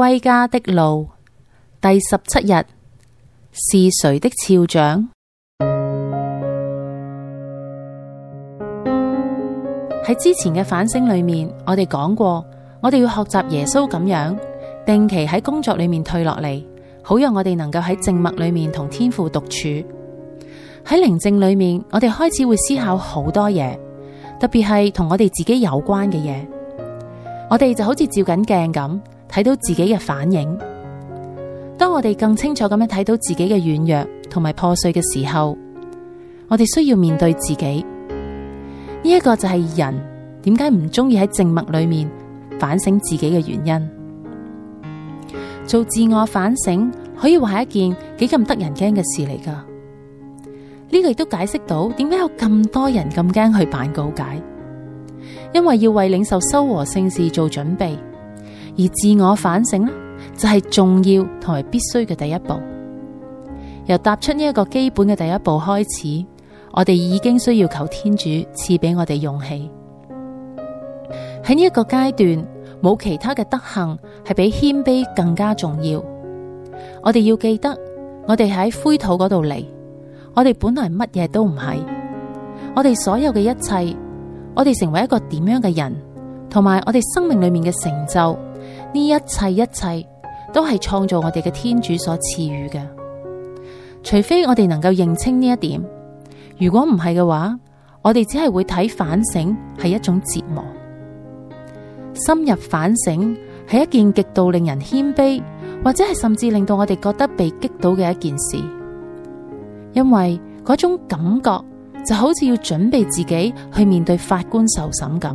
歸家的路，第十七日是誰的肖像？喺 之前嘅反省裏面，我哋講過，我哋要學習耶穌咁樣，定期喺工作裏面退落嚟，好讓我哋能夠喺靜默裏面同天父獨處。喺寧靜裏面，我哋開始會思考好多嘢，特別係同我哋自己有關嘅嘢，我哋就好似照緊鏡咁。睇到自己嘅反映，當我哋更清楚咁樣睇到自己嘅軟弱同埋破碎嘅時候，我哋需要面對自己。呢、這、一個就係人點解唔中意喺靜默裏面反省自己嘅原因。做自我反省可以話係一件幾咁得人驚嘅事嚟噶。呢、這個亦都解釋到點解有咁多人咁驚去辦告解，因為要為領受修和聖事做準備。而自我反省呢，就係重要同埋必須嘅第一步。由踏出呢一個基本嘅第一步開始，我哋已經需要求天主賜俾我哋勇氣。喺呢一個階段，冇其他嘅德行係比謙卑更加重要。我哋要記得，我哋喺灰土嗰度嚟，我哋本來乜嘢都唔係，我哋所有嘅一切，我哋成為一個點樣嘅人，同埋我哋生命裏面嘅成就。呢一切一切都係創造我哋嘅天主所賜予嘅，除非我哋能夠認清呢一點。如果唔係嘅話，我哋只係會睇反省係一種折磨。深入反省係一件極度令人謙卑，或者係甚至令到我哋覺得被擊倒嘅一件事，因為嗰種感覺就好似要準備自己去面對法官受審咁。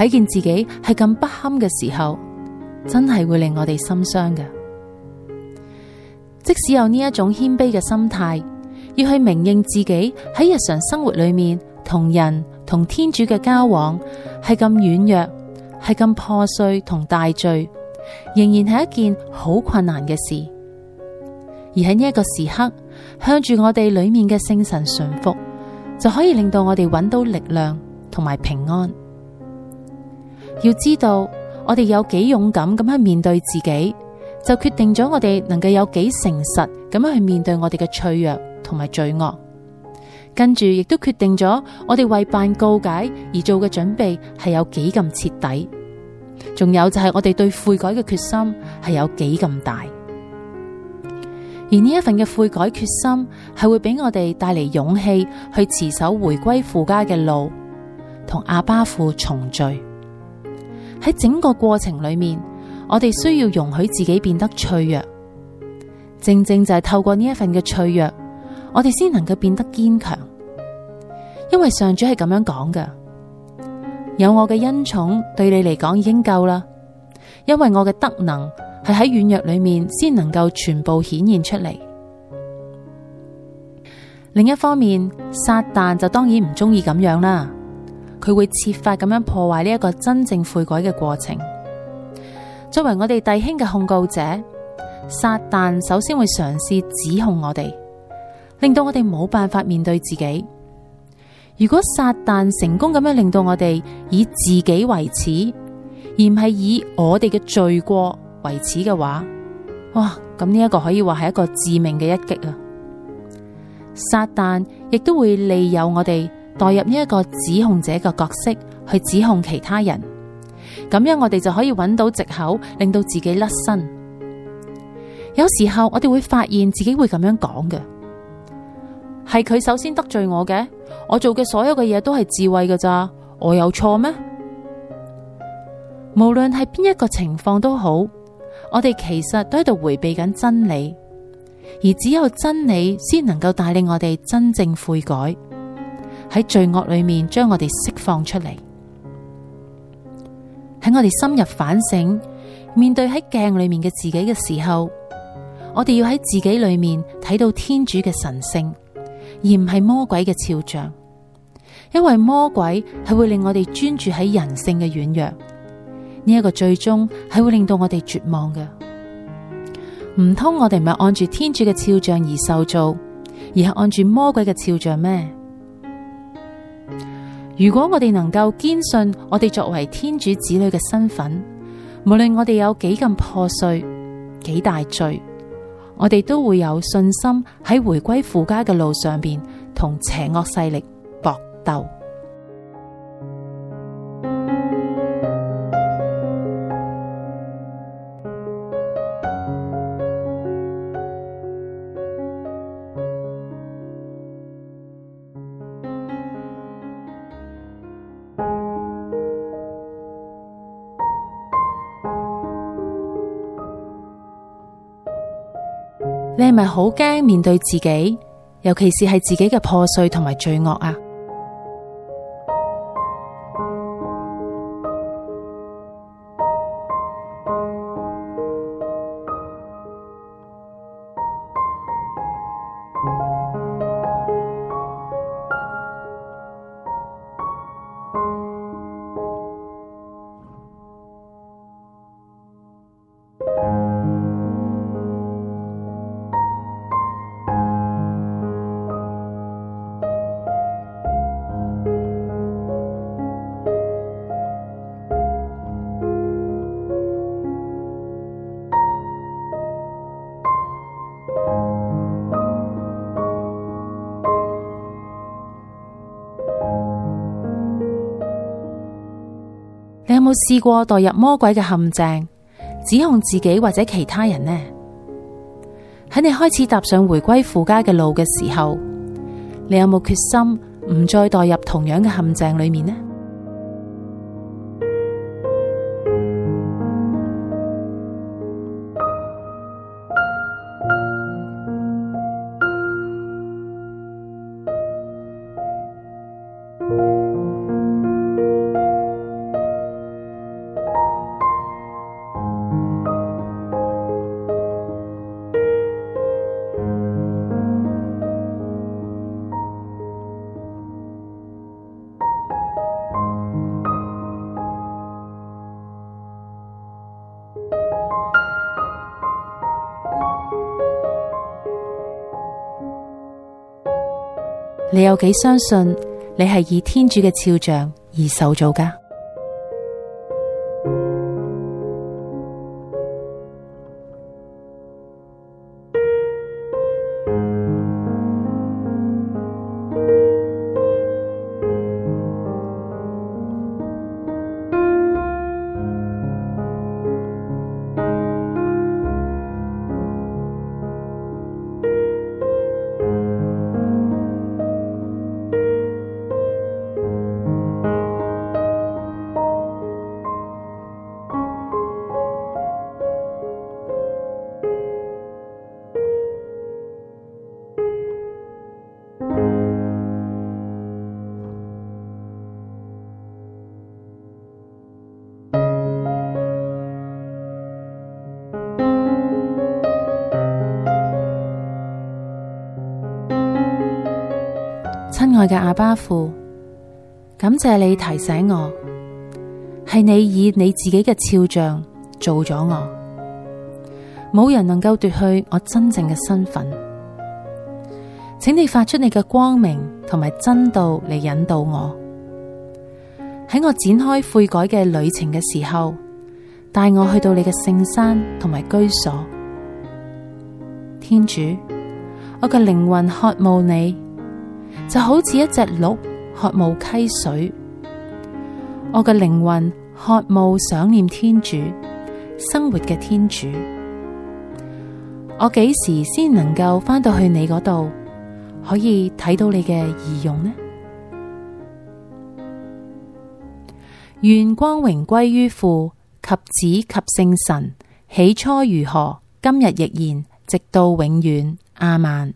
睇見自己係咁不堪嘅時候，真係會令我哋心傷㗎。即使有呢一種謙卑嘅心態，要去明認自己喺日常生活裏面同人同天主嘅交往係咁軟弱，係咁破碎同大罪，仍然係一件好困難嘅事。而喺呢一個時刻，向住我哋裏面嘅聖神順服，就可以令到我哋搵到力量同埋平安。要知道我哋有幾勇敢咁樣面對自己，就決定咗我哋能夠有幾誠實咁樣去面對我哋嘅脆弱同埋罪惡。跟住亦都決定咗我哋為辦告解而做嘅準備係有幾咁徹底，仲有就係我哋對悔改嘅決心係有幾咁大。而呢一份嘅悔改決心係會俾我哋帶嚟勇氣去持守回歸父家嘅路，同阿爸父重聚。喺整個過程裏面，我哋需要容許自己變得脆弱，正正就係透過呢一份嘅脆弱，我哋先能夠變得堅強。因為上主係咁樣講嘅，有我嘅恩寵對你嚟講已經夠啦，因為我嘅德能係喺軟弱裏面先能夠全部顯現出嚟。另一方面，撒旦就當然唔中意咁樣啦。佢會設法咁樣破壞呢一個真正悔改嘅過程。作為我哋弟兄嘅控告者，撒旦首先會嘗試指控我哋，令到我哋冇辦法面對自己。如果撒旦成功咁樣令到我哋以自己為恥，而唔係以我哋嘅罪過為恥嘅話，哇！咁呢一個可以話係一個致命嘅一擊啊！撒旦亦都會利誘我哋，代入呢一個指控者嘅角色去指控其他人，咁樣我哋就可以揾到藉口，令到自己甩身。有時候我哋會發現自己會咁樣講嘅，係佢首先得罪我嘅，我做嘅所有嘅嘢都係自衛嘅咋，我有錯咩？無論係邊一個情況都好，我哋其實都喺度回避緊真理，而只有真理先能夠帶領我哋真正悔改。喺罪惡裏面將我哋釋放出嚟。喺我哋深入反省，面對喺鏡裏面嘅自己嘅時候，我哋要喺自己裏面睇到天主嘅神性，而唔係魔鬼嘅肖像。因為魔鬼係會令我哋專注喺人性嘅軟弱呢一、這個，最終係會令到我哋絕望嘅。唔通我哋唔係按住天主嘅肖像而受造，而係按住魔鬼嘅肖像咩？如果我哋能夠堅信我哋作為天主子女嘅身份，無論我哋有幾咁破碎、幾大罪，我哋都會有信心喺回歸父家嘅路上邊同邪惡勢力搏鬥。你係咪好驚面對自己，尤其是係自己嘅破碎同埋罪惡啊？你有冇試過墮入魔鬼嘅陷阱，指控自己或者其他人呢？喺你開始踏上回歸父家嘅路嘅時候，你有冇決心唔再墮入同樣嘅陷阱裏面呢？你有幾相信你係以天主嘅肖像而受造㗎？愛嘅阿爸父，感謝你提醒我，係你以你自己嘅肖像做咗我，冇人能夠奪去我真正嘅身份。請你發出你嘅光明同埋真道嚟引導我，喺我展開悔改嘅旅程嘅時候，帶我去到你嘅聖山同埋居所。天主，我嘅靈魂渴慕你。就好似一隻鹿渴慕溪水，我嘅靈魂渴慕想念天主，生活嘅天主。我幾時先能夠翻到去你嗰度，可以睇到你嘅儀容呢？願光榮歸於父及子及聖神，起初如何，今日亦然，直到永遠。亞孟。